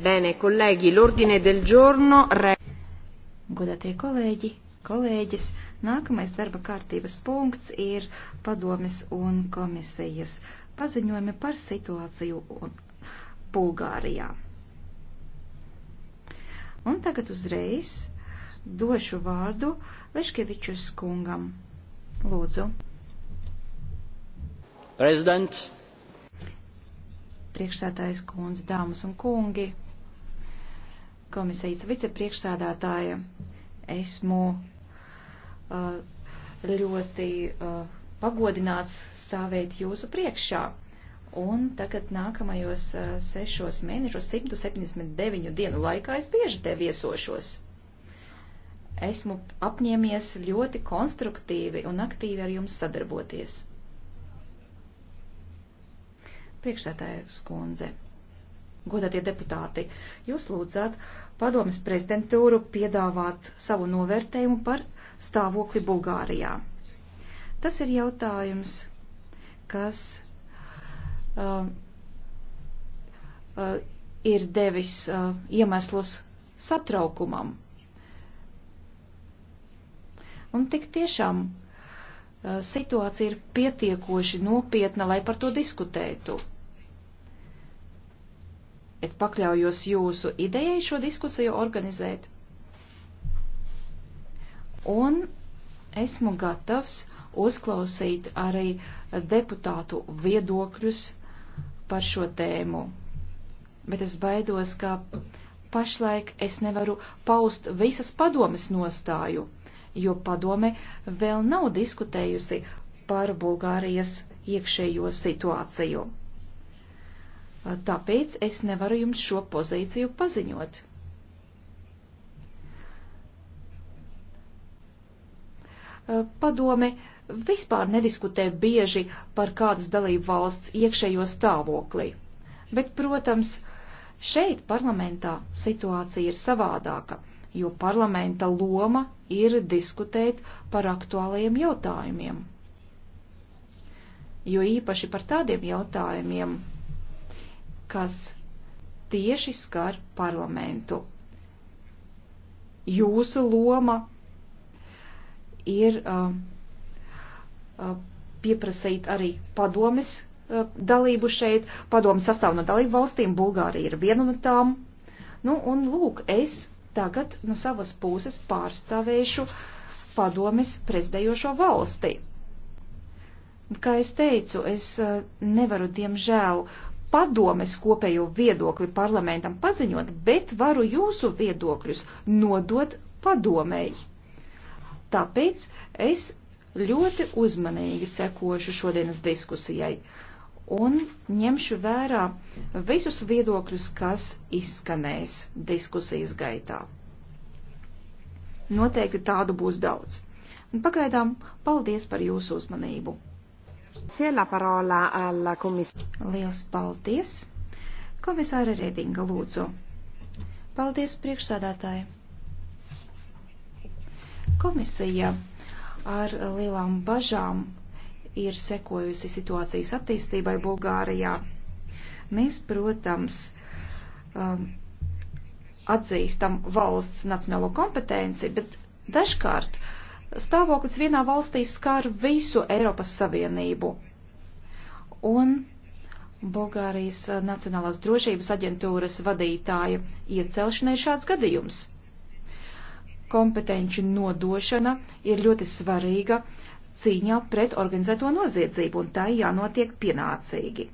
Bene, kolēģi, l'ordine del giorno. Re... Godatie kolēģi, kolēģis, nākamais darba kārtības punkts ir padomis un komisijas paziņojumi par situāciju Bulgārijā. Un tagad uzreiz došu vārdu Leškevičus kungam. Lūdzu. Prezidents priekšsētājs kundze, dāmas un kungi komisijas vicepriekšsādātāja. Esmu uh, ļoti uh, pagodināts stāvēt jūsu priekšā. Un tagad nākamajos uh, sešos mēnešos, 179 dienu laikā, es bieži te viesošos. Esmu apņēmies ļoti konstruktīvi un aktīvi ar jums sadarboties. Priekšsētāja skundze godātie deputāti, jūs lūdzāt padomas prezidentūru piedāvāt savu novērtējumu par stāvokli Bulgārijā. Tas ir jautājums, kas uh, uh, ir devis uh, iemeslus satraukumam. Un tik tiešām uh, situācija ir pietiekoši nopietna, lai par to diskutētu Es pakļaujos jūsu idejai šo diskusiju organizēt. Un esmu gatavs uzklausīt arī deputātu viedokļus par šo tēmu. Bet es baidos, ka pašlaik es nevaru paust visas padomes nostāju, jo padome vēl nav diskutējusi par Bulgārijas iekšējo situāciju. Tāpēc es nevaru jums šo pozīciju paziņot. Padome vispār nediskutē bieži par kādas dalību valsts iekšējo stāvoklī, bet, protams, šeit parlamentā situācija ir savādāka, jo parlamenta loma ir diskutēt par aktuālajiem jautājumiem. Jo īpaši par tādiem jautājumiem, kas tieši skar parlamentu. Jūsu loma ir uh, uh, pieprasīt arī padomes uh, dalību šeit. Padomes sastāv no dalību valstīm, Bulgārija ir viena no tām. Nu, un lūk, es tagad no savas puses pārstāvēšu padomes prezidējošo valsti. Kā es teicu, es uh, nevaru, diemžēl, uh, padomes kopējo viedokli parlamentam paziņot, bet varu jūsu viedokļus nodot padomēji. Tāpēc es ļoti uzmanīgi sekošu šodienas diskusijai un ņemšu vērā visus viedokļus, kas izskanēs diskusijas gaitā. Noteikti tādu būs daudz. Un pagaidām, paldies par jūsu uzmanību! Liels paldies! Komisāra Redinga lūdzu. Paldies priekšsādātāji. Komisija ar lielām bažām ir sekojusi situācijas attīstībai Bulgārijā. Mēs, protams, um, atzīstam valsts nacionālo kompetenci, bet dažkārt uh, stāvoklis vienā valstī skar visu Eiropas Savienību. Un Bulgārijas Nacionālās drošības aģentūras vadītāja iecelšana ir šāds gadījums. Kompetenci nodošana ir ļoti svarīga cīņā pret organizēto noziedzību, un tai jānotiek pienācīgi.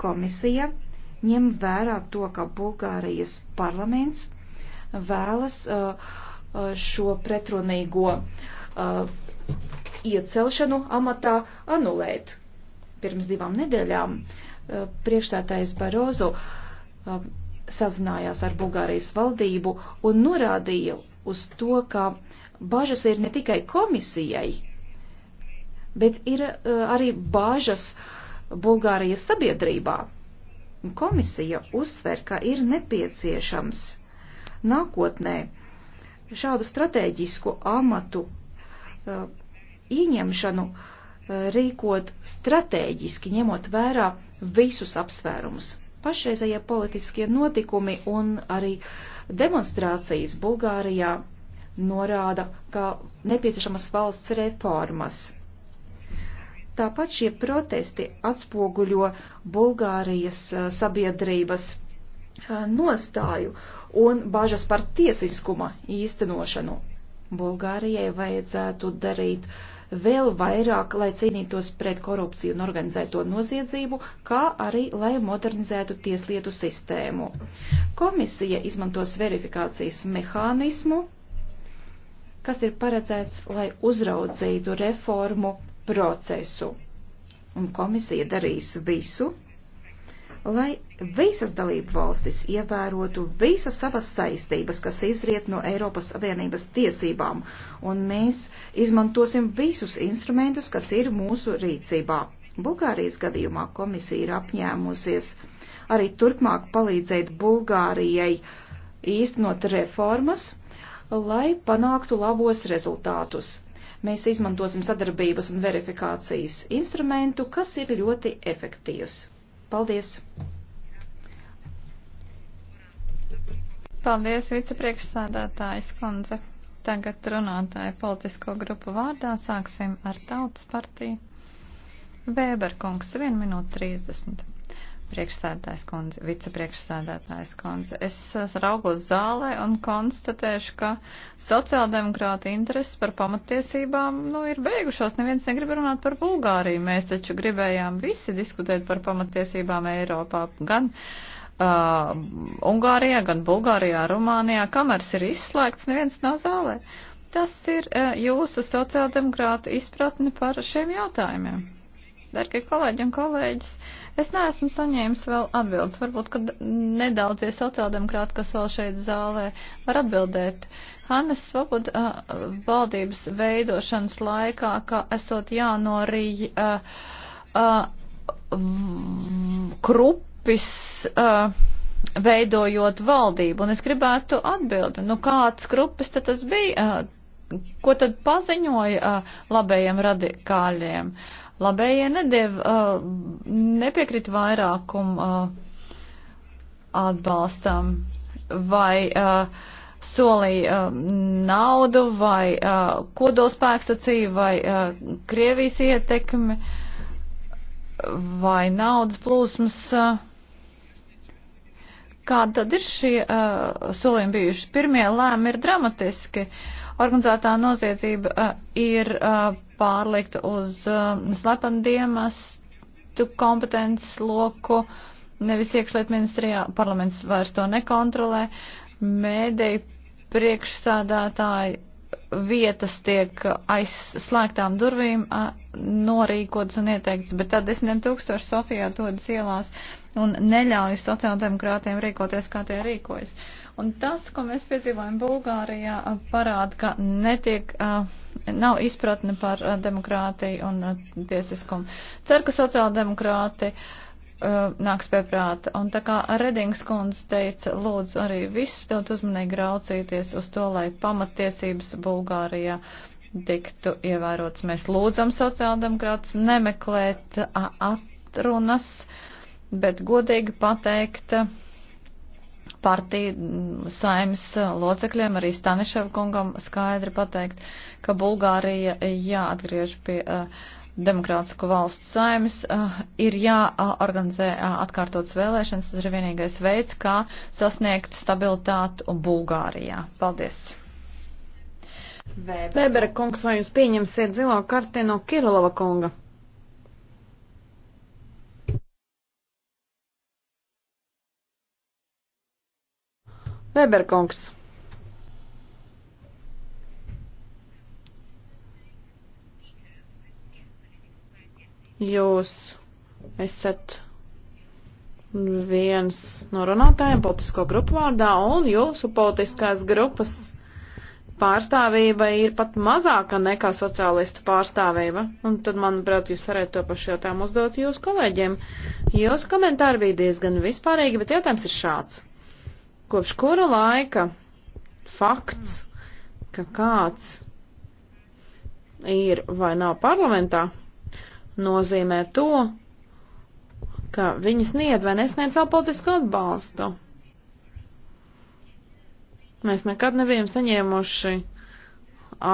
Komisija ņem vērā to, ka Bulgārijas parlaments vēlas uh, uh šo pretrunīgo uh, uh, iecelšanu amatā anulēt. Pirms divām nedēļām uh, priekšstādājs Barozo uh, sazinājās ar Bulgārijas valdību un norādīja uz to, ka bažas ir ne tikai komisijai, bet ir uh, arī bažas Bulgārijas sabiedrībā. Komisija uzsver, ka ir nepieciešams nākotnē šādu strateģisku amatu Uh, ieņemšanu uh, rīkot stratēģiski, ņemot vērā visus apsvērumus. Pašreizējie politiskie notikumi un arī demonstrācijas Bulgārijā norāda, ka nepieciešamas valsts reformas. Tāpat šie protesti atspoguļo Bulgārijas uh, sabiedrības nostāju un bažas par tiesiskuma īstenošanu. Bulgārijai vajadzētu darīt vēl vairāk, lai cīnītos pret korupciju un organizēto noziedzību, kā arī, lai modernizētu tieslietu sistēmu. Komisija izmantos verifikācijas mehānismu, kas ir paredzēts, lai uzraudzītu reformu procesu. Un komisija darīs visu, lai visas dalību valstis ievērotu visas savas saistības, kas izriet no Eiropas Savienības tiesībām, un mēs izmantosim visus instrumentus, kas ir mūsu rīcībā. Bulgārijas gadījumā komisija ir apņēmusies arī turpmāk palīdzēt Bulgārijai īstenot reformas, lai panāktu labos rezultātus. Mēs izmantosim sadarbības un verifikācijas instrumentu, kas ir ļoti efektīvs. Paldies! Paldies, vicepriekšsādātājs kundze. Tagad runātāja politisko grupu vārdā sāksim ar tautas partiju. Vēberkungs, 1 minūte 30. Priekšsēdētājs kundze, vicepriekšsēdētājs kundze. Es raugos zālē un konstatēšu, ka sociāldemokrāta intereses par pamatiesībām nu, ir beigušās. Neviens negrib runāt par Bulgāriju. Mēs taču gribējām visi diskutēt par pamatiesībām Eiropā. Gan uh, Ungārijā, gan Bulgārijā, Rumānijā. Kamers ir izslēgts, neviens nav zālē. Tas ir uh, jūsu sociāldemokrāta izpratne par šiem jautājumiem. Dargie kolēģi un kolēģis, es neesmu saņēmis vēl atbildes. Varbūt, ka nedaudzie sociāldemokrāti, kas vēl šeit zālē, var atbildēt. Hannes Svoboda uh, valdības veidošanas laikā, ka esot jānorīja uh, uh, krupis. Uh, veidojot valdību, un es gribētu atbildi, nu kāds krupis tad tas bija, uh, ko tad paziņoja uh, labējiem radikāļiem. Uh, Labējie nediev, uh, nepiekrita vairākumu uh, atbalstam vai uh, solīja uh, naudu vai uh, kodolspēkstacīju vai uh, Krievijas ietekmi vai naudas plūsmas. Uh, Kāda tad ir šie uh, solījumi bijuši? Pirmie lēmi ir dramatiski. Uh, Organizētā noziedzība uh, ir uh, pārlikta uz uh, slepenu dienestu kompetences loku, nevis iekšliet ministrijā, parlaments vairs to nekontrolē. Mēdēji priekšsādātāji vietas tiek aizslēgtām durvīm norīkots un ieteikts, bet tad desmitiem tūkstoši Sofijā dodas ielās un neļauj sociāldemokrātiem rīkoties, kā tie rīkojas. Un tas, ko mēs piedzīvojam Bulgārijā, parāda, ka netiek, nav izpratne par demokrātiju un tiesiskumu. Ceru, ka sociāldemokrāti uh, Uh, nāks pie prāta. Un tā kā Redings kundze teica, lūdzu arī visus ļoti uzmanīgi raucīties uz to, lai pamatiesības Bulgārijā tiktu ievērots. Mēs lūdzam sociāldemokrātus nemeklēt uh, atrunas, bet godīgi pateikt uh, partiju mm, saimas locekļiem, arī Stanišev kungam skaidri pateikt, ka Bulgārija jāatgriež pie. Uh, demokrātisku valstu saimas, eh, ir jāorganizē eh, atkārtotas vēlēšanas. Tas ir vienīgais veids, kā sasniegt stabilitātu Bulgārijā. Paldies! Vēbera kungs, vai jūs pieņemsiet zilo karti no Kirilova kunga? Vēbera kungs. Jūs esat viens no runātājiem politisko grupu vārdā, un jūsu politiskās grupas pārstāvība ir pat mazāka nekā sociālistu pārstāvība. Un tad, manuprāt, jūs varētu to pašu jautājumu uzdot jūsu kolēģiem. Jūsu komentāri bija diezgan vispārīgi, bet jautājums ir šāds. Kopš kura laika fakts, ka kāds ir vai nav parlamentā, nozīmē to, ka viņi sniedz vai nesniedz savu politisko atbalstu. Mēs nekad nebijam saņēmuši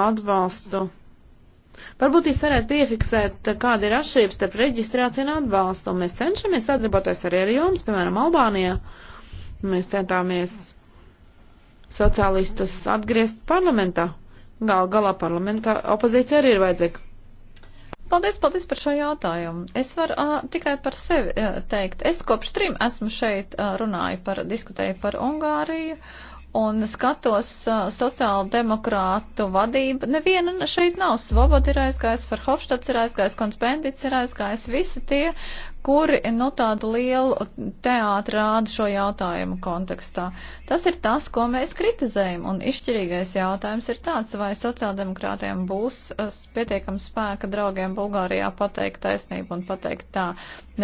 atbalstu. Varbūt jūs varētu piefiksēt, kāda ir atšķirības starp reģistrāciju un atbalstu. Un mēs cenšamies sadarboties arī ar jums, piemēram, Albānijā. Mēs centāmies sociālistus atgriezt parlamentā. Gal galā parlamentā opozīcija arī ir vajadzīga. Paldies, paldies par šo jautājumu. Es varu uh, tikai par sevi uh, teikt. Es kopš trim esmu šeit uh, runāju par, diskutēju par Ungāriju un skatos uh, sociāla demokrātu vadību. Neviena šeit nav. Svobod ir aizgājis, Verhofstads ir aizgājis, Konspendits ir aizgājis. Visi tie, kuri nu tādu lielu teātru rāda šo jautājumu kontekstā. Tas ir tas, ko mēs kritizējam, un izšķirīgais jautājums ir tāds, vai sociāldemokrātiem būs eh, pietiekams spēka draugiem Bulgārijā pateikt taisnību un pateikt tā,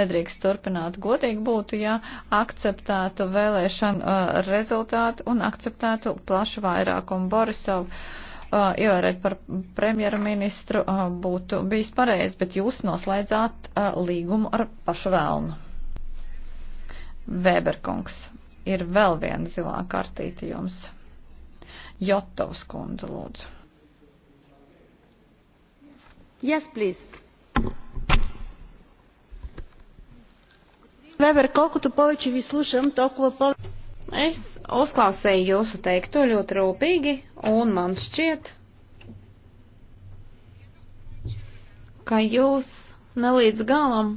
nedrīkst turpināt. Godīgi būtu, ja akceptētu vēlēšanu eh, rezultātu un akceptētu plašu vairākumu Borisovu uh, ievērt par premjerministru uh, būtu bijis pareizi, bet jūs noslēdzāt uh, līgumu ar pašu vēlnu. Vēberkungs, ir vēl viena zilā kartīte jums. Jotovs kundze, lūdzu. Yes, please. Weber, колкото повече ви слушам, толкова повече... Es uzklausīju jūsu teikto ļoti rūpīgi, un man šķiet, ka jūs nelīdz galam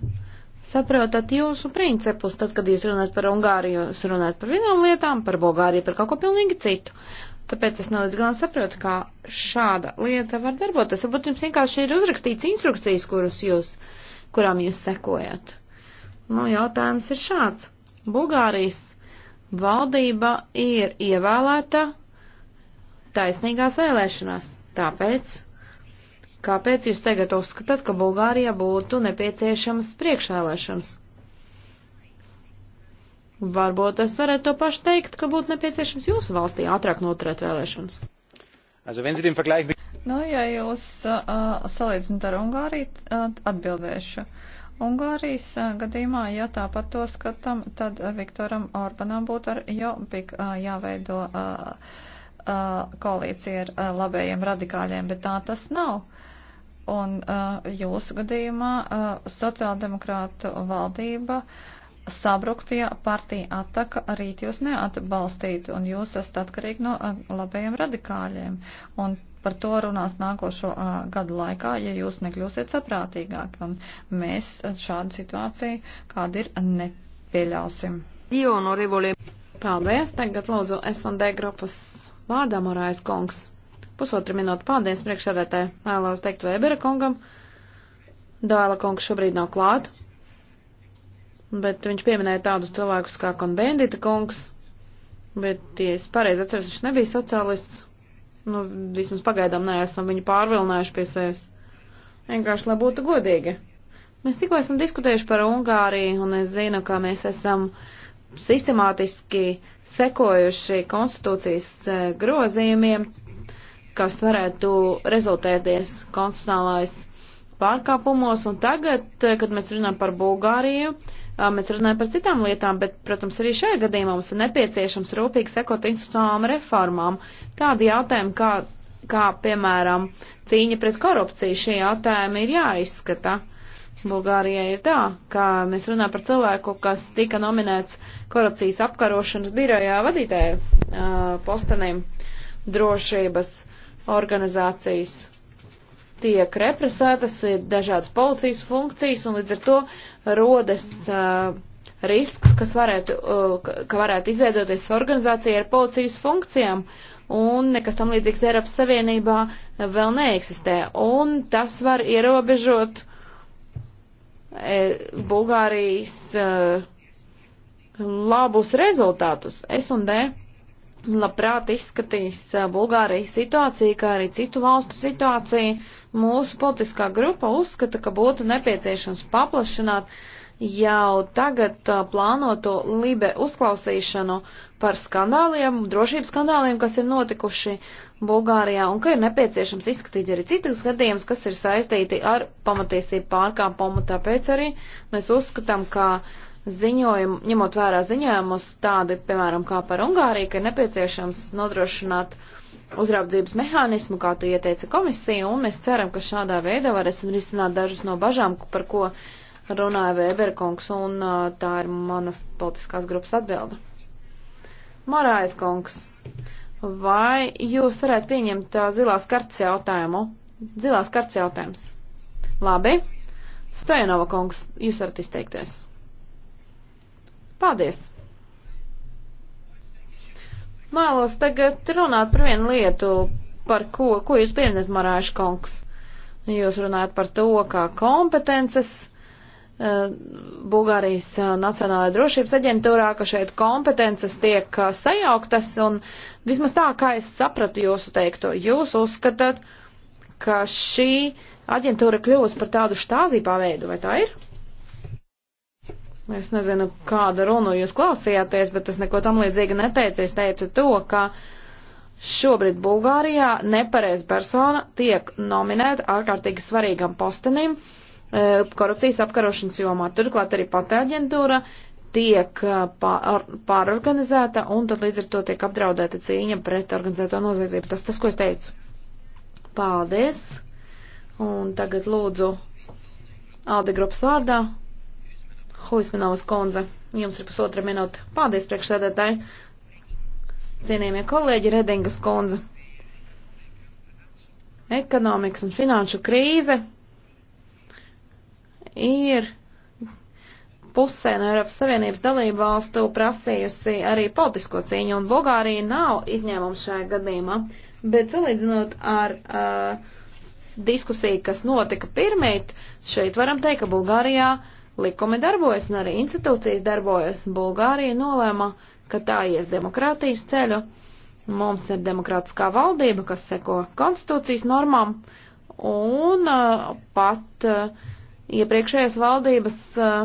saprotat jūsu principus, tad, kad jūs runājat par Ungāriju, jūs runājat par vienām lietām, par Bulgāriju, par kaut ko pilnīgi citu. Tāpēc es nelīdz galam saprotu, kā šāda lieta var darboties. Varbūt jums vienkārši ir uzrakstīts instrukcijas, kurus jūs, kurām jūs sekojat. Nu, jautājums ir šāds. Bulgārijas Valdība ir ievēlēta taisnīgās vēlēšanās. Tāpēc, kāpēc jūs tagad uzskatāt, ka Bulgārijā būtu nepieciešams priekšvēlēšanas? Varbūt es varētu to pašu teikt, ka būtu nepieciešams jūsu valstī ātrāk noturēt vēlēšanas. Also, wenn Sie den Vergleich mit... Nu, ja jūs uh, salīdzinat ar Ungāriju, uh, atbildēšu. Uh, Ungārijas gadījumā, ja tāpat to skatām, tad Viktoram Orbanam būtu ar Jopik jāveido koalīcija ar labējiem radikāļiem, bet tā tas nav. Un jūsu gadījumā sociāldemokrātu valdība sabruktu, ja partija attaka rīt jūs neatbalstītu, un jūs esat atkarīgi no labējiem radikāļiem. Un par to runās nākošo uh, gadu laikā, ja jūs nekļūsiet saprātīgāk. Un mēs šādu situāciju, kāda ir, nepieļausim. Paldies, tagad lūdzu S&D grupas vārdā Morājas kungs. Pusotru minūtu paldies priekšsēdētē. Vēlos teikt Vēbera kungam. Dāla kungs šobrīd nav klāt, bet viņš pieminēja tādus cilvēkus kā konbendita kungs, bet, ja es pareizi atceros, viņš nebija sociālists. Nu, vismaz pagaidām neesam viņu pārvilinājuši pie sevis. Vienkārši, lai būtu godīgi. Mēs tikko esam diskutējuši par Ungāriju, un es zinu, ka mēs esam sistemātiski sekojuši konstitūcijas e, grozījumiem, kas varētu rezultēties konstitucionālais pārkāpumos, un tagad, e, kad mēs runājam par Bulgāriju, uh, Mēs runājam par citām lietām, bet, protams, arī šajā gadījumā mums ir nepieciešams rūpīgi sekot institucionālām reformām. Tādi jautājumi, kā, kā piemēram, cīņa pret korupciju, šie jautājumi ir jāizskata. Bulgārijai ir tā, ka mēs runājam par cilvēku, kas tika nominēts korupcijas apkarošanas birojā vadītāju uh, postenim drošības organizācijas tiek represētas, ir dažādas policijas funkcijas, un līdz ar to rodas uh, risks, kas varētu, uh, ka varētu izveidoties organizācija ar policijas funkcijām, un nekas tam līdzīgs Eiropas Savienībā vēl neeksistē, un tas var ierobežot uh, Bulgārijas uh, labus rezultātus. S un D labprāt izskatīs uh, Bulgārijas situāciju, kā arī citu valstu situāciju Mūsu politiskā grupa uzskata, ka būtu nepieciešams paplašināt jau tagad uh, plānoto Libe uzklausīšanu par skandāliem, drošības skandāliem, kas ir notikuši Bulgārijā, un ka ir nepieciešams izskatīt arī citus gadījumus, kas ir saistīti ar pamatiesību pārkāpumu. Tāpēc arī mēs uzskatām, ka ziņojumu, ņemot vērā ziņojumus tādi, piemēram, kā par Ungāriju, ka ir nepieciešams nodrošināt uh, uzraudzības mehānismu, kā to ieteica komisija, un mēs ceram, ka šādā veidā varēsim risināt dažas no bažām, par ko runāja Vēberkungs, un tā ir manas politiskās grupas atbilda. Marājas kungs, vai jūs varētu pieņemt zilās kartas jautājumu? Zilās kartas jautājums. Labi. Stojanova kungs, jūs varat izteikties. Paldies! Mēlos tagad runāt par vienu lietu, par ko, ko jūs pieminat, Marāša kungs. Jūs runājat par to, kā kompetences eh, Bulgārijas eh, Nacionālajā drošības aģentūrā, ka šeit kompetences tiek eh, sajauktas, un vismaz tā, kā es sapratu jūsu teikto, jūs uzskatāt, ka šī aģentūra kļūst par tādu štāzībā veidu, vai tā ir? Nu, es nezinu, kādu runu jūs klausījāties, bet es neko tam līdzīgu neteicu. Es teicu to, ka šobrīd Bulgārijā nepareiz persona tiek nominēta ārkārtīgi svarīgam postenim e, korupcijas apkarošanas jomā. Turklāt arī patēģentūra tiek e, pārorganizēta un tad līdz ar to tiek apdraudēta cīņa pret organizēto noziedzību. Tas tas, ko es teicu. Paldies! Un tagad lūdzu Aldi grupas vārdā Huismanovas kundze, jums ir pusotra minūte. Paldies, priekšsēdētāji. Cienījamie kolēģi, Redingas kundze. Ekonomikas un finanšu krīze ir pusē no Eiropas Savienības dalību valstu prasījusi arī politisko cīņu, un Bulgārija nav izņēmums šajā gadījumā. Bet salīdzinot ar uh, diskusiju, kas notika pirmīt, šeit varam teikt, ka Bulgārijā uh, likumi darbojas un arī institūcijas darbojas. Bulgārija nolēma, ka tā ies demokrātijas ceļu. Mums ir demokrātiskā valdība, kas seko konstitūcijas normām, un uh, pat uh, iepriekšējās valdības uh,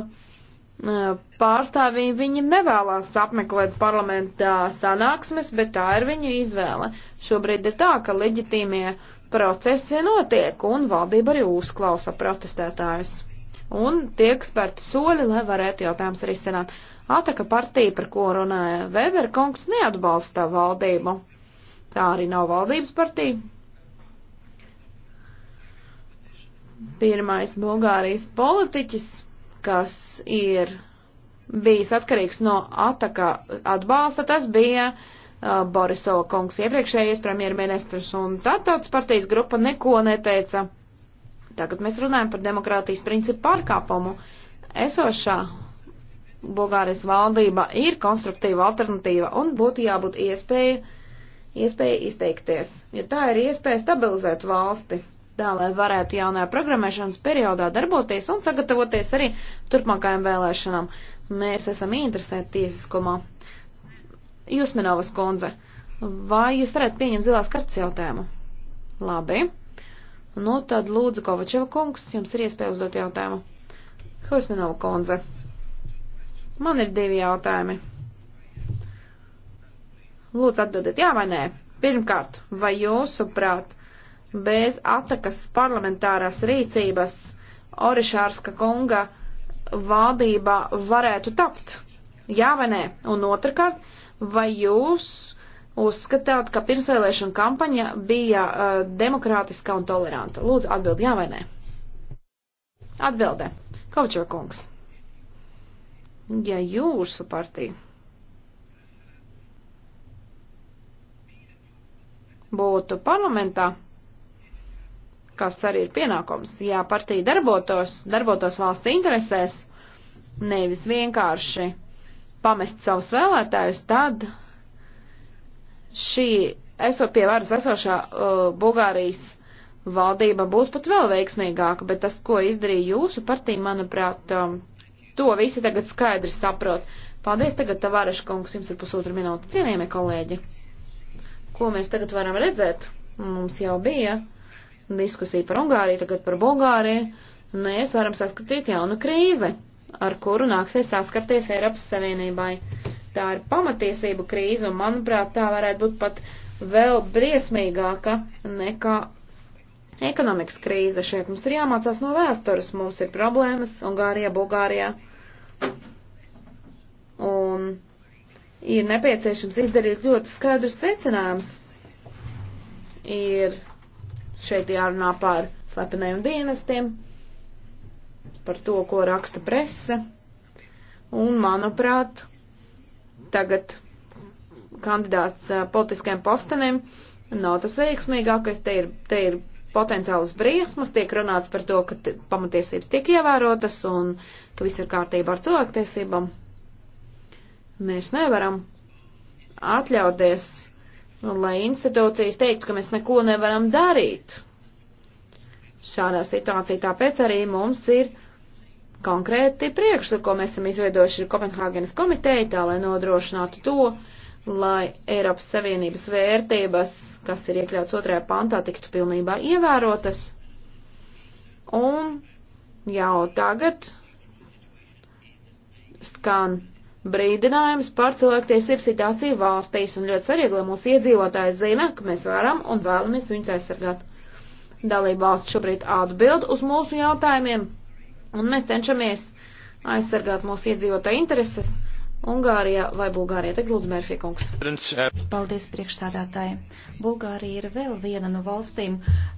uh pārstāvī viņi nevēlās apmeklēt parlamentā sanāksmes, bet tā ir viņu izvēle. Šobrīd ir tā, ka leģitīmie procesi notiek, un valdība arī uzklausa protestētājus un tiek spērti soļi, lai varētu jautājums risināt. Ataka partija, par ko runāja Weber kungs, neatbalsta valdību. Tā arī nav valdības partija. Pirmais Bulgārijas politiķis, kas ir bijis atkarīgs no ataka atbalsta, tas bija uh, Borisova kungs iepriekšējais premjerministrs, un tā tautas partijas grupa neko neteica Tagad mēs runājam par demokrātijas principu pārkāpumu. Esošā Bulgārijas valdība ir konstruktīva alternatīva un būtu jābūt iespēja, iespēja izteikties, jo tā ir iespēja stabilizēt valsti, tā lai varētu jaunajā programmēšanas periodā darboties un sagatavoties arī turpmākajām vēlēšanām. Mēs esam interesēti tiesiskumā. Jūs, Minovas kundze, vai jūs varētu pieņemt zilās kartas jautājumu? Labi. Nu, tad lūdzu, Kovačeva kungs, jums ir iespēja uzdot jautājumu. Hausminova kundze. Man ir divi jautājumi. Lūdzu atbildiet jā vai nē. Pirmkārt, vai jūsuprāt, bez atakas parlamentārās rīcības Orišārska kunga valdība varētu tapt? Jā vai nē? Un otrkārt, vai jūs uzskatāt, ka pirmsvēlēšana kampaņa bija uh, eh, demokrātiskā un toleranta? Lūdzu, atbild jā vai nē. Atbildē. Kaučerkungs. Ja jūsu partija būtu parlamentā, kas arī ir pienākums, ja partija darbotos, darbotos valsts interesēs, nevis vienkārši pamest savus vēlētājus, tad šī esot pie varas esošā uh, Bulgārijas valdība būtu pat vēl veiksmīgāka, bet tas, ko izdarīja jūsu partija, manuprāt, um, to visi tagad skaidri saprot. Paldies tagad, Tavāreša kungs, jums ir pusotra minūte, cienījamie kolēģi. Ko mēs tagad varam redzēt? Mums jau bija diskusija par Ungāriju, tagad par Bulgāriju. Mēs varam saskatīt jaunu krīzi, ar kuru nāksies saskarties Eiropas Savienībai. Tā ir pamatiesību krīze, un manuprāt, tā varētu būt pat vēl briesmīgāka nekā ekonomikas krīze. Šeit mums ir jāmācās no vēstures, mums ir problēmas Ungārijā, Bulgārijā. Un ir nepieciešams izdarīt ļoti skaidrs secinājums. Ir šeit jārunā par slepeniem dienestiem, par to, ko raksta prese. Un, manuprāt, tagad kandidāts politiskajiem posteniem nav tas veiksmīgākais. Te ir, te ir potenciālas briesmas, tiek runāts par to, ka pamatiesības tiek ievērotas un ka viss ir kārtībā ar cilvēktiesībām. Mēs nevaram atļauties, lai institūcijas teiktu, ka mēs neko nevaram darīt. Šādā situācijā tāpēc arī mums ir konkrēti priekšlikumi esam izveidojuši ar Kopenhāgenes komiteju, tā lai nodrošinātu to, lai Eiropas Savienības vērtības, kas ir iekļauts otrajā pantā, tiktu pilnībā ievērotas. Un jau tagad skan brīdinājums par cilvēktiesību situāciju valstīs, un ļoti svarīgi, lai mūsu iedzīvotāji zina, ka mēs varam un vēlamies viņus aizsargāt. Dalība valsts šobrīd atbild uz mūsu jautājumiem, Un mēs cenšamies aizsargāt mūsu iedzīvotāju intereses Ungārijā vai Bulgārijā. Tagad lūdzu, Mērfī kungs. Paldies priekšstādātāji. Bulgārija ir vēl viena no valstīm,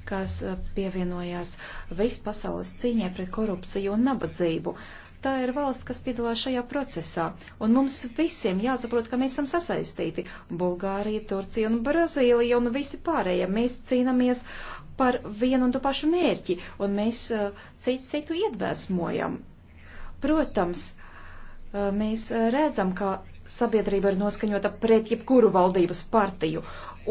kas eh, pievienojās visu pasaules cīņai pret korupciju un nabadzību. Tā ir valsts, kas piedalās šajā procesā, un mums visiem jāsaprot, ka mēs esam sasaistīti. Bulgārija, Turcija un Brazīlija un visi pārējie. Mēs cīnāmies par vienu un to pašu mērķi, un mēs uh, citu citu iedvesmojam. Protams, uh, mēs redzam, ka sabiedrība ir noskaņota pret jebkuru valdības partiju,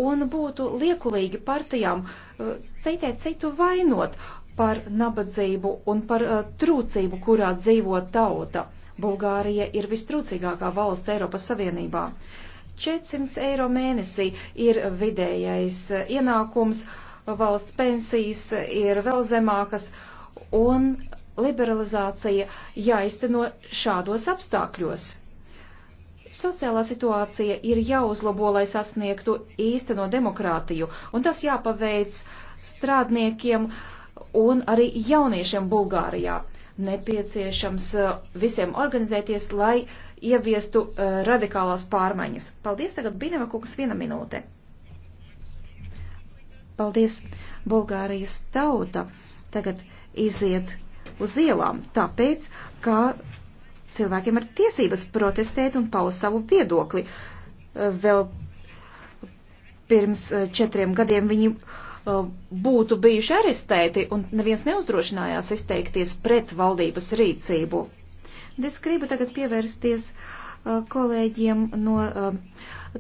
un būtu liekulīgi partijām uh, citēt citu vainot par nabadzību un par trūcību, kurā dzīvo tauta. Bulgārija ir vistrūcīgākā valsts Eiropas Savienībā. 400 eiro mēnesī ir vidējais ienākums uh, valsts pensijas ir vēl zemākas, un liberalizācija jāizteno šādos apstākļos. Sociālā situācija ir jāuzlabo, lai sasniegtu īsteno demokrātiju, un tas jāpaveic strādniekiem un arī jauniešiem Bulgārijā. Nepieciešams uh, visiem organizēties, lai ieviestu uh, radikālās pārmaiņas. Paldies tagad Bineva Kukas viena minūte. Paldies! Bulgārijas tauta tagad iziet uz ielām, tāpēc, ka cilvēkiem ir tiesības protestēt un paust savu viedokli. Vēl pirms eh, četriem gadiem viņi eh, būtu bijuši arestēti un neviens neuzdrošinājās izteikties pret valdības rīcību. Es gribu tagad pievērsties uh, Uh, kolēģiem no uh,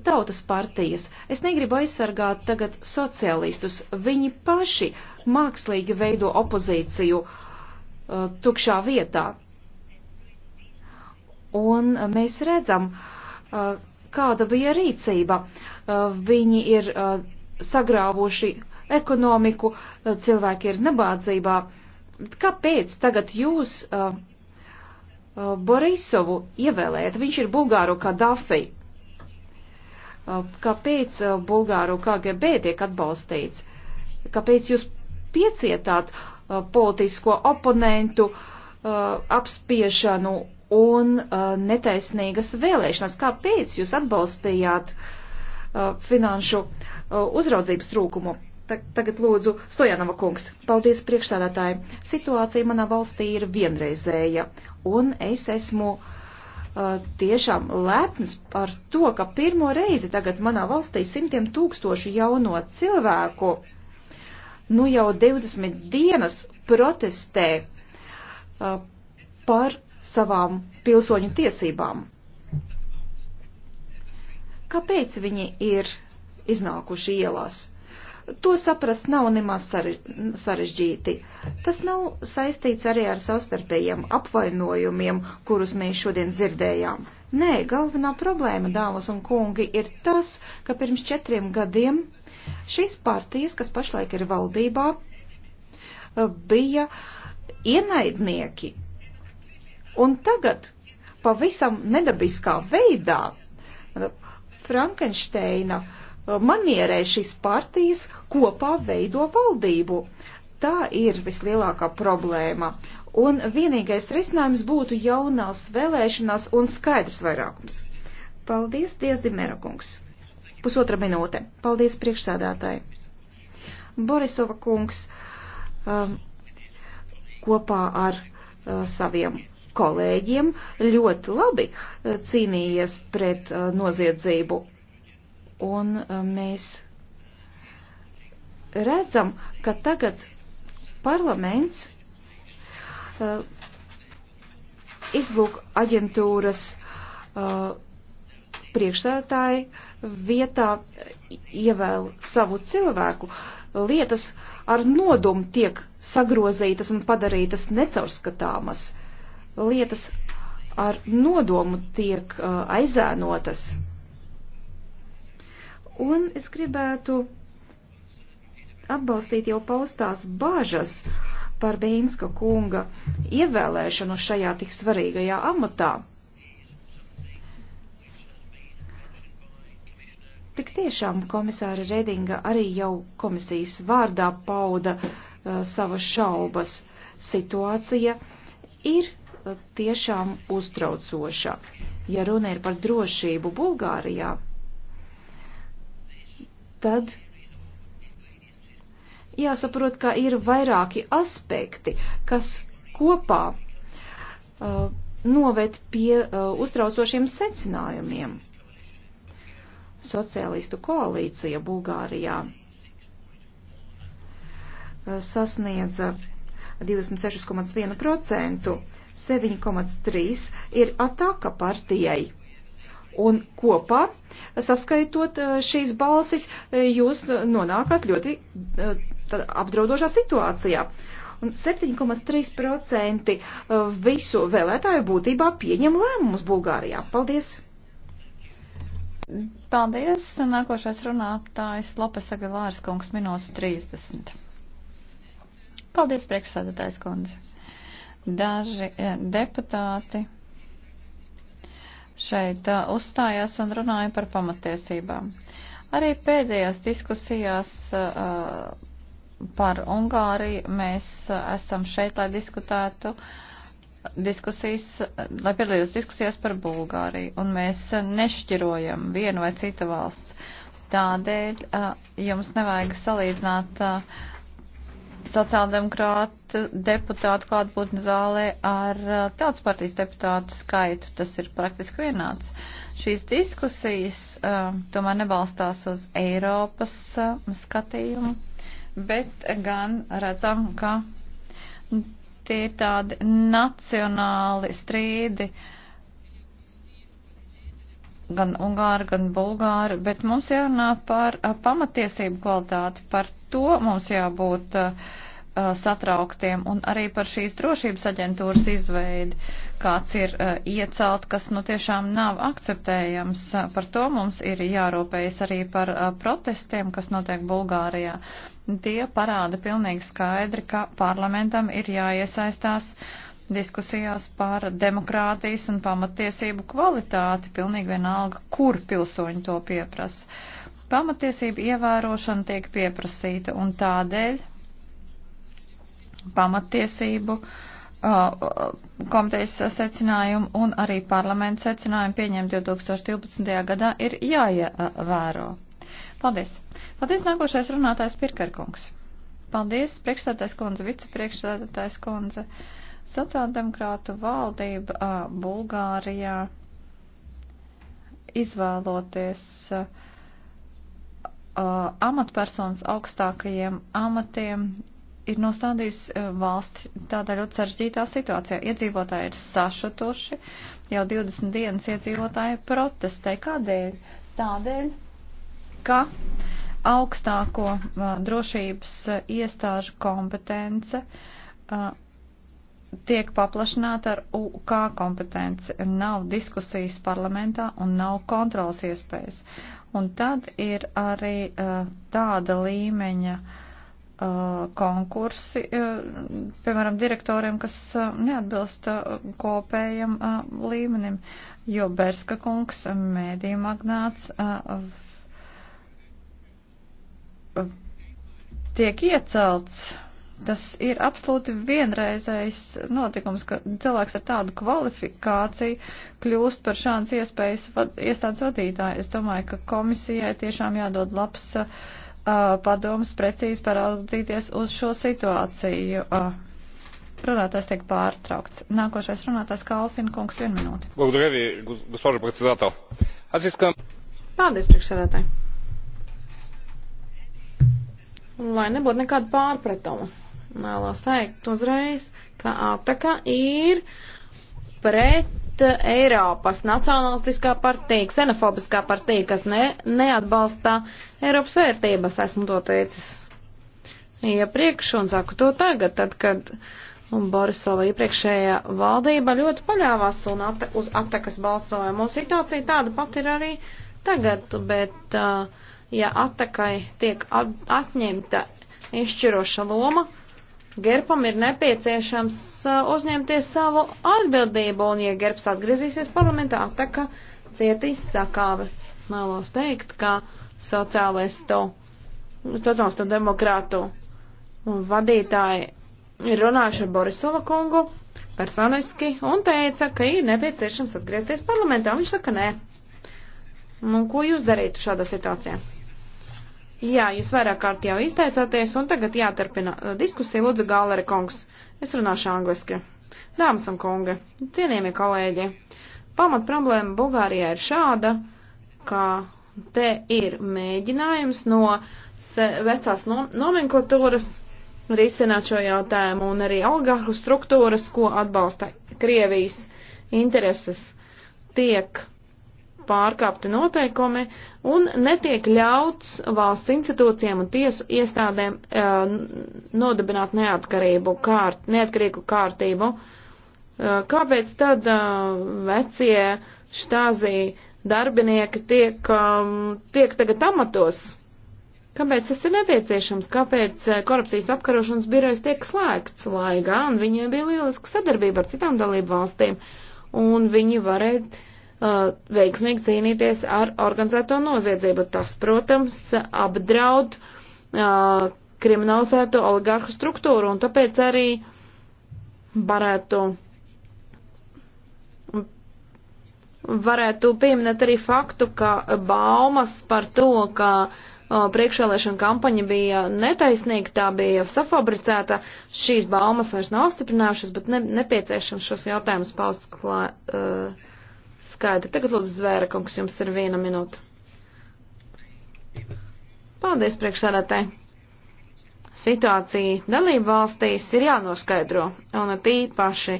Tautas partijas. Es negribu aizsargāt tagad sociālistus. Viņi paši mākslīgi veido opozīciju uh, tukšā vietā. Un mēs redzam, kāda bija rīcība. Viņi ir sagrāvuši ekonomiku, cilvēki ir nabādzībā. Kāpēc tagad jūs Uh, Borisovu ievēlēt. Viņš ir Bulgāru Kadafi. Uh, kāpēc uh, Bulgāru KGB tiek atbalstīts? Kāpēc jūs piecietāt politisko oponentu apspiešanu un netaisnīgas vēlēšanas? Kāpēc jūs atbalstījāt finanšu uzraudzības trūkumu? Tagad lūdzu Stojanova kungs. Paldies priekšsādātāji. Situācija manā valstī ir vienreizēja, un es esmu uh, tiešām lepns par to, ka pirmo reizi tagad manā valstī simtiem tūkstošu jauno cilvēku nu jau 20 dienas protestē uh, par savām pilsoņu tiesībām. Kāpēc viņi ir iznākuši ielās? to saprast nav nemaz sarežģīti. Tas nav saistīts arī ar savstarpējiem apvainojumiem, kurus mēs šodien dzirdējām. Nē, galvenā problēma, dāmas un kungi, ir tas, ka pirms četriem gadiem šīs partijas, kas pašlaik ir valdībā, bija ienaidnieki. Un tagad pavisam nedabiskā veidā Frankensteina uh, manierē šīs partijas kopā veido valdību. Tā ir vislielākā problēma. Un vienīgais risinājums būtu jaunās vēlēšanās un skaidrs vairākums. Paldies, Diezdi Merakungs. Pusotra minūte. Paldies, priekšsādātāji. Borisova kungs um, kopā ar uh, saviem kolēģiem ļoti labi uh, cīnījies pret uh, noziedzību Un uh, mēs redzam, ka tagad parlaments uh, izlūk aģentūras uh, priekšsētāji vietā ievēl savu cilvēku. Lietas ar nodomu tiek sagrozītas un padarītas necaurskatāmas. Lietas ar nodomu tiek uh, aizēnotas. Un es gribētu atbalstīt jau paustās bažas par Beinska kunga ievēlēšanu šajā tik svarīgajā amatā. Tik tiešām komisāra Redinga arī jau komisijas vārdā pauda uh, savas šaubas. Situācija ir uh, tiešām uztraucoša. Ja runa ir par drošību Bulgārijā, tad jāsaprot, ka ir vairāki aspekti, kas kopā uh, noved pie uh, uztraucošiem secinājumiem. Sociālistu koalīcija Bulgārijā uh, sasniedza 26,1%, 7,3% ir ataka partijai. Un kopā, saskaitot eh, šīs balsis, eh, jūs nonākat ļoti eh, apdraudošā situācijā. Un 7,3% visu vēlētāju būtībā pieņem lēmumus Bulgārijā. Paldies! Paldies! Nākošais runātājs Lopes Agilārs kungs minūtes 30. Paldies, priekšsēdētājs kundze! Daži deputāti šeit uzstājās un runāja par pamatiesībām. Arī pēdējās diskusijās par Ungāriju mēs esam šeit, lai diskutētu diskusijas, lai piedalītos diskusijās par Bulgāriju, un mēs nešķirojam vienu vai citu valsts. Tādēļ jums nevajag salīdzināt uh, sociāldemokrātu deputātu klātbūtni zālē ar uh, tautas partijas deputātu skaitu. Tas ir praktiski vienāds. Šīs diskusijas uh, tomēr nebalstās uz Eiropas uh, skatījumu, bet gan redzam, ka tie ir tādi nacionāli strīdi. Uh, gan Ungāri, gan Bulgāri, bet mums jārunā par a, pamatiesību kvalitāti, par to mums jābūt a, a, satrauktiem un arī par šīs drošības aģentūras izveidi, kāds ir a, iecelt, kas nu tiešām nav akceptējams. A, par to mums ir jārūpējas arī par a, protestiem, kas notiek Bulgārijā. Tie parāda pilnīgi skaidri, ka parlamentam ir jāiesaistās. A, diskusijās par demokrātijas un pamatiesību kvalitāti, pilnīgi vienalga, kur pilsoņi to pieprasa. Pamatiesība ievērošana tiek pieprasīta un tādēļ pamatiesību uh, uh, komitejas secinājumu un arī parlamenta secinājumu pieņemt 2012. gadā ir jāievēro. Paldies. Paldies, nākošais runātājs Pirkarkungs. Paldies, priekšstādātais kundze, vicepriekšstādātais kundze. Uh, Sociāldemokrātu valdība Bulgārijā izvēloties amatpersonas augstākajiem amatiem ir nostādījusi valsti tādā ļoti sarežģītā situācijā. Iedzīvotāji ir sašutuši, jau 20 dienas iedzīvotāji protestē. Kādēļ? Tādēļ, ka augstāko drošības iestāžu kompetence tiek paplašināta ar UK kompetenci. Nav diskusijas parlamentā un nav kontrolas iespējas. Un tad ir arī uh, tāda līmeņa uh, konkursi, uh, piemēram, direktoriem, kas uh, neatbilst uh, kopējam uh, līmenim, jo Berska kungs, mēdīja magnāts, uh, uh, tiek iecelts Tas ir absolūti vienreizējs notikums, ka cilvēks ar tādu kvalifikāciju kļūst par šādas iespējas vad, iestādes vadītāju. Es domāju, ka komisijai tiešām jādod labs uh, padoms precīzi paraudzīties uz šo situāciju. Uh, Runātājs tiek pārtraukts. Nākošais runātājs Kalfina kungs, vienu minūti. Благодаря ви, госпожо председател. Аз искам... Paldies, priekšsēdētāji. Lai nebūtu nekāda pārpratuma vēlos teikt uzreiz, ka ataka ir pret Eiropas nacionalistiskā partija, ksenofobiskā partija, kas ne, neatbalsta Eiropas vērtības, esmu to teicis iepriekš un saku to tagad, tad, kad Borisova iepriekšējā valdība ļoti paļāvās un at uz atakas balsojumu. Situācija tāda pat ir arī tagad, bet, uh, ja atakai tiek at atņemta izšķiroša loma, Gerpam ir nepieciešams uh, uzņemties savu atbildību, un ja Gerps atgriezīsies parlamentā, tā kā cietīs sakāve. Mēlos teikt, ka sociālistu, sociālistu demokrātu vadītāji ir runājuši ar Borisova kungu personiski un teica, ka ir nepieciešams atgriezties parlamentā. Viņš saka, nē. Un nu, ko jūs darītu šādā situācijā? Jā, jūs vairāk kārt jau izteicāties, un tagad jāturpina uh, diskusija. Lūdzu, Gālera kungs, es runāšu angliski. Dāmas un kungi, cienījamie kolēģi, pamat problēma Bulgārijā ir šāda, ka te ir mēģinājums no vecās nom nomenklatūras risināt šo jautājumu un arī algāhu struktūras, ko atbalsta Krievijas intereses, tiek pārkāpti noteikumi un netiek ļauts valsts institūcijām un tiesu iestādēm e, nodibināt neatkarību, kārt, neatkarīgu kārtību. E, kāpēc tad e, vecie štāzī darbinieki tiek, e, tiek tagad amatos? Kāpēc tas ir nepieciešams? Kāpēc korupcijas apkarošanas birojas tiek slēgts? Lai gan viņiem bija lieliska sadarbība ar citām dalību valstīm, un viņi varēja Uh, veiksmīgi cīnīties ar organizēto noziedzību. Tas, protams, apdraud uh, kriminalizēto oligarhu struktūru un tāpēc arī varētu, varētu pieminēt arī faktu, ka baumas par to, ka uh, priekšvēlēšana kampaņa bija netaisnīga, tā bija safabricēta, šīs baumas vairs nav apstiprinājušas, bet ne, nepieciešams šos jautājumus paust klāt. Uh, skaidri. Tagad lūdzu zvēra, kungs, jums ir viena minūte. Paldies, priekšsādātāji. Situācija dalību valstīs ir jānoskaidro, un tīpaši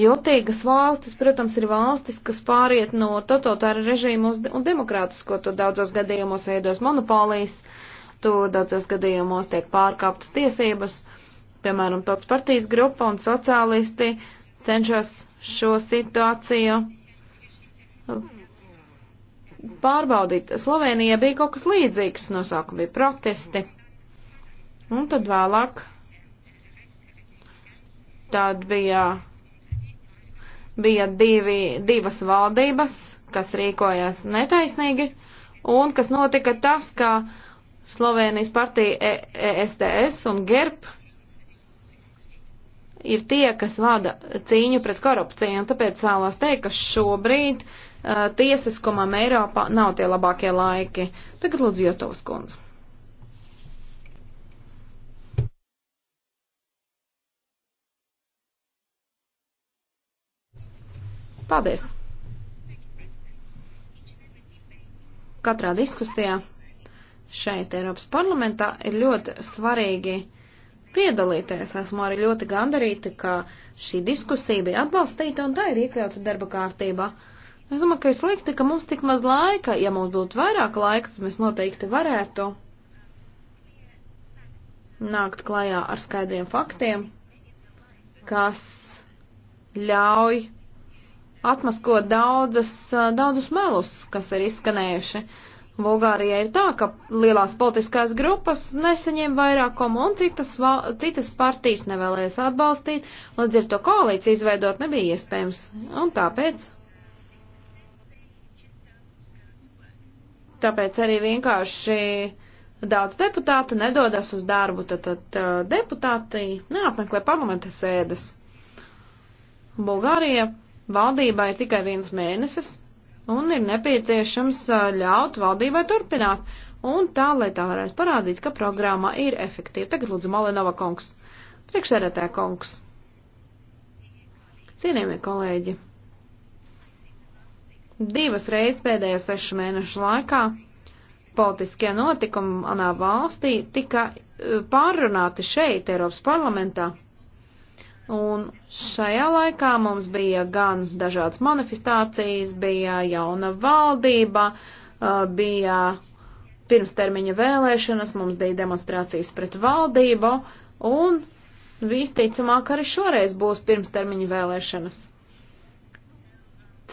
jūtīgas valstis, protams, ir valstis, kas pāriet no totalitāra režīmu uz un demokrātisko, to daudzos gadījumos veidos monopolijas, to daudzos gadījumos tiek pārkāptas tiesības, piemēram, tautas partijas grupa un sociālisti cenšas šo situāciju pārbaudīt. Slovenijā bija kaut kas līdzīgs, nosākumi bija protesti. Un tad vēlāk tad bija, bija divi, divas valdības, kas rīkojās netaisnīgi, un kas notika tas, ka Slovenijas partija ESTS e un GERP ir tie, kas vada cīņu pret korupciju, un tāpēc vēlos teikt, ka šobrīd uh, tiesiskumam Eiropā nav tie labākie laiki. Tagad lūdzu Jotovs kundze. Paldies! Katrā diskusijā šeit Eiropas parlamentā ir ļoti svarīgi piedalīties. Esmu arī ļoti gandarīta, ka šī diskusija bija atbalstīta un tā ir iekļauta darba kārtībā. Uh, Es domāju, ka ir slikti, ka mums tik maz laika. Ja mums būtu vairāk laika, tad mēs noteikti varētu nākt klajā ar skaidriem faktiem, kas ļauj atmaskot daudzas, daudzus melus, kas ir izskanējuši. Bulgārijā ir tā, ka lielās politiskās grupas nesaņem vairākumu un citas, val, citas partijas nevēlēs atbalstīt, līdz ar to koalīciju izveidot nebija iespējams. Un tāpēc Tāpēc arī vienkārši daudz deputātu nedodas uz darbu, tad, tad uh, deputāti neapmeklē parlamenta sēdes. Bulgārija valdībā ir tikai viens mēnesis, un ir nepieciešams uh, ļaut valdībai turpināt, un tā, lai tā varētu parādīt, ka programma ir efektīva. Tagad lūdzu Malinova kungs, priekšsēdētāja kungs. Cienījamie kolēģi! Divas reizes pēdējo sešu mēnešu laikā politiskie notikumi manā valstī tika e, pārrunāti šeit, Eiropas parlamentā. Un šajā laikā mums bija gan dažādas manifestācijas, bija jauna valdība, e, bija pirmstermiņa vēlēšanas, mums bija demonstrācijas pret valdību, un visticamāk arī šoreiz būs pirmstermiņa vēlēšanas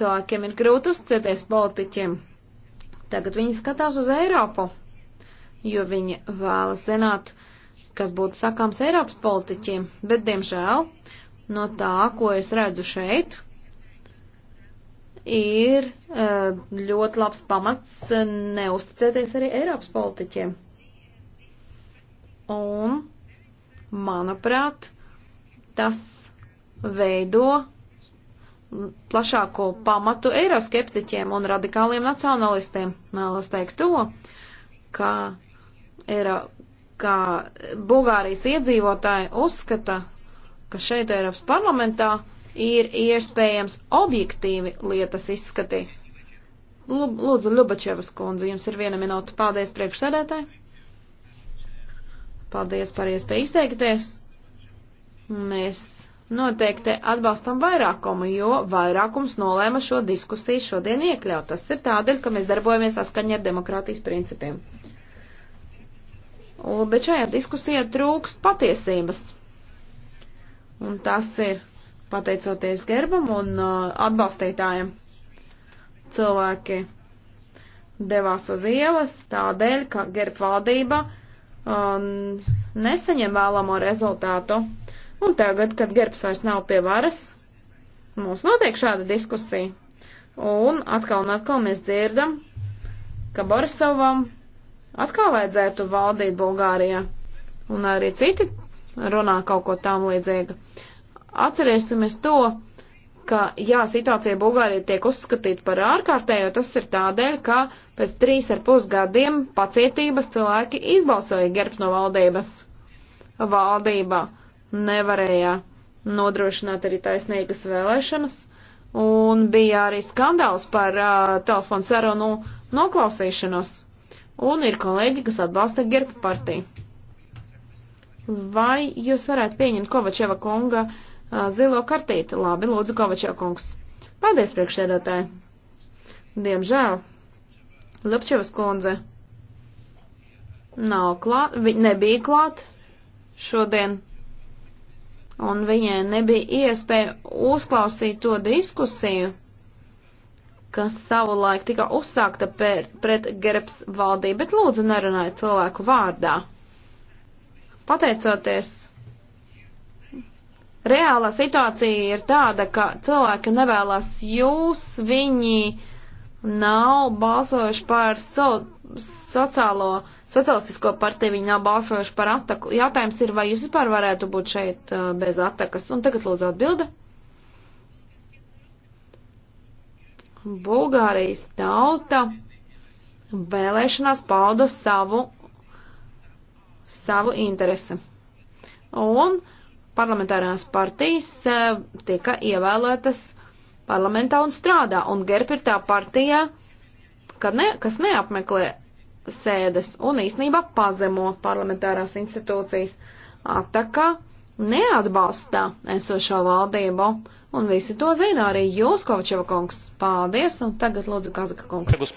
cilvēkiem ir grūti uzticēties politiķiem. Tagad viņi skatās uz Eiropu, jo viņi vēlas zināt, kas būtu sakāms Eiropas politiķiem, bet, diemžēl, no tā, ko es redzu šeit, ir e, ļoti labs pamats e, neusticēties arī Eiropas politiķiem. Un, manuprāt, tas veido plašāko pamatu eiroskeptiķiem un radikāliem nacionalistiem. Vēlos teikt to, ka, Eiro, ka Bulgārijas iedzīvotāji uzskata, ka šeit Eiropas parlamentā ir iespējams objektīvi lietas izskatīt. Lūdzu, Ļubačevas kundze, jums ir viena minūte. Paldies priekšsēdētāji. Paldies par iespēju izteikties. Mēs noteikti atbalstam vairākumu, jo vairākums nolēma šo diskusiju šodien iekļaut. Tas ir tādēļ, ka mēs darbojamies saskaņā ar demokrātijas principiem. Un, bet šajā diskusijā trūkst patiesības. Un tas ir pateicoties gerbam un uh, atbalstītājiem. Cilvēki devās uz ielas tādēļ, ka gerb valdība um, nesaņem vēlamo rezultātu. Un tagad, kad Gerbs vairs nav pie varas, mums notiek šāda diskusija. Un atkal un atkal mēs dzirdam, ka Borisovam atkal vajadzētu valdīt Bulgārijā. Un arī citi runā kaut ko tam līdzīga. Atcerēsimies to, ka, jā, situācija Bulgārija tiek uzskatīta par ārkārtējo, tas ir tādēļ, ka pēc trīs ar pus gadiem pacietības cilvēki izbalsoja gerbs no valdības valdībā nevarēja nodrošināt arī taisnīgas vēlēšanas, un bija arī skandāls par uh, telefonu sarunu noklausīšanos, un ir kolēģi, kas atbalsta Girpa partiju. Vai jūs varētu pieņemt Kovačeva kunga uh, zilo kartīti? Labi, lūdzu, Kovačeva kungs. Paldies, priekšsēdētāji. Diemžēl. Lepčevas kundze. Nav klāt, nebija klāt šodien un viņai nebija iespēja uzklausīt to diskusiju, kas savulaik tika uzsākta per, pret Gerbs valdību, bet lūdzu nerunāja cilvēku vārdā. Pateicoties, reālā situācija ir tāda, ka cilvēki nevēlas jūs, viņi nav balsojuši par so, sociālo uh, socialistisko partiju viņi nav balsojuši par ataku. Jautājums ir, vai jūs vispār varētu būt šeit uh, bez atakas? Un tagad lūdzu atbildi. Bulgārijas tauta vēlēšanās pauda savu, savu interesi. Un parlamentārās partijas uh, tika ievēlētas parlamentā un strādā. Un GERP ir tā partija, ne, kas neapmeklē sēdes un īstenībā pazemo parlamentārās institūcijas. Ataka neatbalsta esošo valdību, un visi to zina, arī jūs, Kovačeva kungs. Paldies, un tagad lūdzu Kazaka kungs.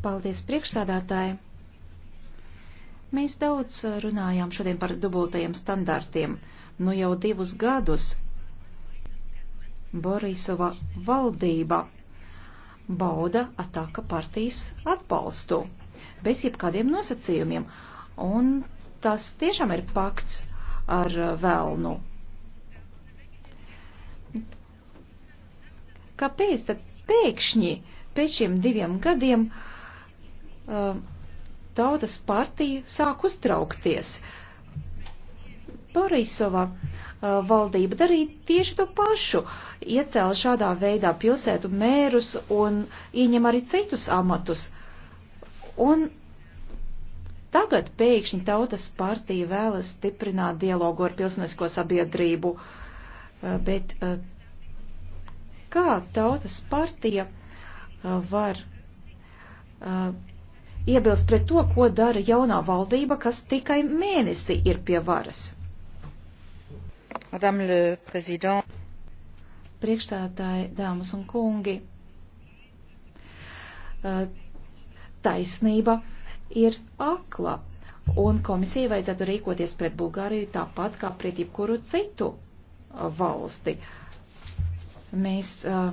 Paldies, priekšsādātāji. Mēs daudz runājām šodien par dubultajiem standartiem. Nu jau divus gadus Borisova valdība bauda ataka partijas atbalstu bez jebkādiem nosacījumiem. Un tas tiešām ir pakts ar vēlnu. Kāpēc tad pēkšņi pēc šiem diviem gadiem uh, tautas partija sāk uztraukties? Uh, Borisova uh, valdība darīja tieši to pašu, iecēla šādā veidā pilsētu mērus un ieņem arī citus amatus. Un tagad pēkšņi tautas partija vēlas stiprināt dialogu ar pilsonisko sabiedrību, uh, bet uh, kā tautas partija uh, var uh, iebilst pret to, ko dara jaunā valdība, kas tikai mēnesi ir pie varas. Madame le Président. Priekšstādāji, dāmas un kungi, taisnība ir akla, un komisija vajadzētu rīkoties pret Bulgāriju tāpat kā pret jebkuru citu valsti. Mēs uh,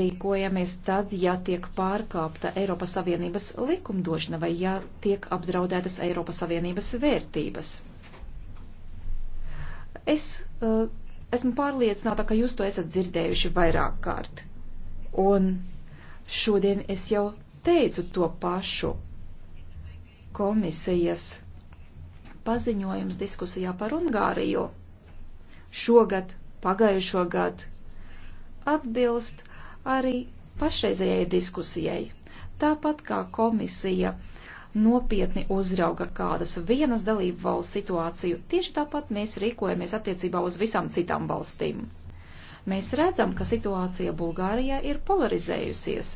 rīkojamies tad, ja tiek pārkāpta Eiropas Savienības likumdošana vai ja tiek apdraudētas Eiropas Savienības vērtības. Es uh, esmu pārliecināta, ka jūs to esat dzirdējuši vairāk kārt. Un šodien es jau teicu to pašu. Komisijas paziņojums diskusijā par Ungāriju šogad, pagājušo gadu atbilst arī pašreizējai diskusijai. Tāpat kā komisija nopietni uzrauga kādas vienas dalību valsts situāciju, tieši tāpat mēs rīkojamies attiecībā uz visām citām valstīm. Mēs redzam, ka situācija Bulgārijā ir polarizējusies,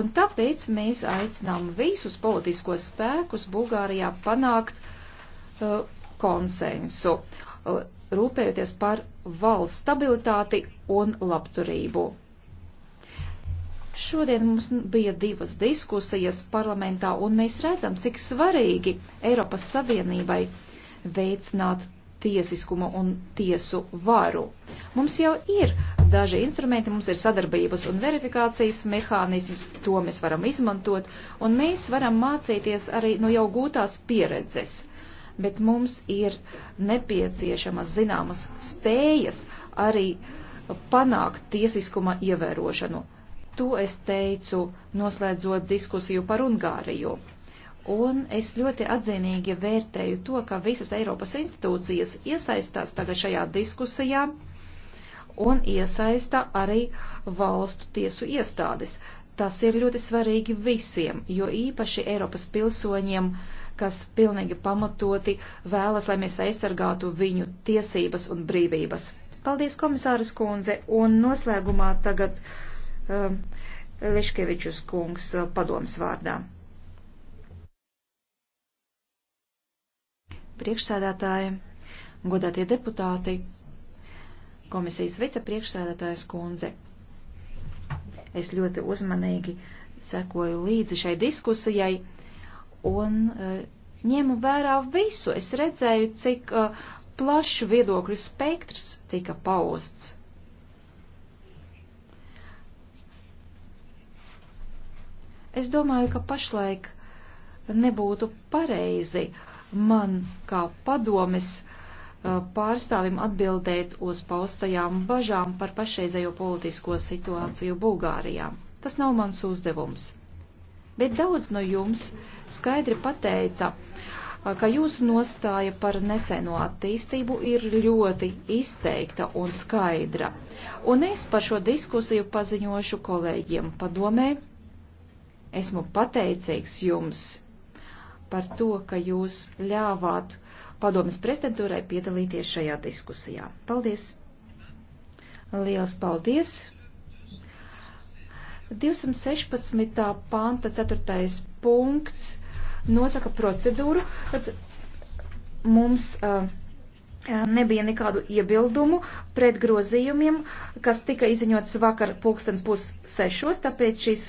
un tāpēc mēs aicinām visus politiskos spēkus Bulgārijā panākt uh, konsensu, uh, rūpējoties par valsts stabilitāti un labturību. Šodien mums bija divas diskusijas parlamentā, un mēs redzam, cik svarīgi Eiropas Savienībai veicināt tiesiskumu un tiesu varu. Mums jau ir daži instrumenti, mums ir sadarbības un verifikācijas mehānisms, to mēs varam izmantot, un mēs varam mācīties arī no jau gūtās pieredzes. Bet mums ir nepieciešamas zināmas spējas arī panākt tiesiskuma ievērošanu. To es teicu, noslēdzot diskusiju par Ungāriju. Un es ļoti atzinīgi vērtēju to, ka visas Eiropas institūcijas iesaistās tagad šajā diskusijā un iesaista arī valstu tiesu iestādes. Tas ir ļoti svarīgi visiem, jo īpaši Eiropas pilsoņiem, kas pilnīgi pamatoti vēlas, lai mēs aizsargātu viņu tiesības un brīvības. Paldies, komisāras kundze, un noslēgumā tagad. Um, Leškevičus kungs uh, padoms vārdā. Priekšsēdētāji, godātie deputāti, komisijas vicepriekšsēdētājas kundze. Es ļoti uzmanīgi sekoju līdzi šai diskusijai un uh, ņēmu vērā visu. Es redzēju, cik uh, plašs viedokļu spektrs tika pausts. Es domāju, ka pašlaik nebūtu pareizi man kā padomis pārstāvim atbildēt uz paustajām bažām par pašreizējo politisko situāciju Bulgārijā. Tas nav mans uzdevums. Bet daudz no jums skaidri pateica, ka jūsu nostāja par neseno attīstību ir ļoti izteikta un skaidra. Un es par šo diskusiju paziņošu kolēģiem padomē Esmu pateicīgs jums par to, ka jūs ļāvāt padomas prezidentūrai piedalīties šajā diskusijā. Paldies! Liels paldies! 216. panta 4. punkts nosaka procedūru, tad mums uh, nebija nekādu iebildumu pret grozījumiem, kas tika izziņots vakar pulkstens pus sešos, tāpēc šīs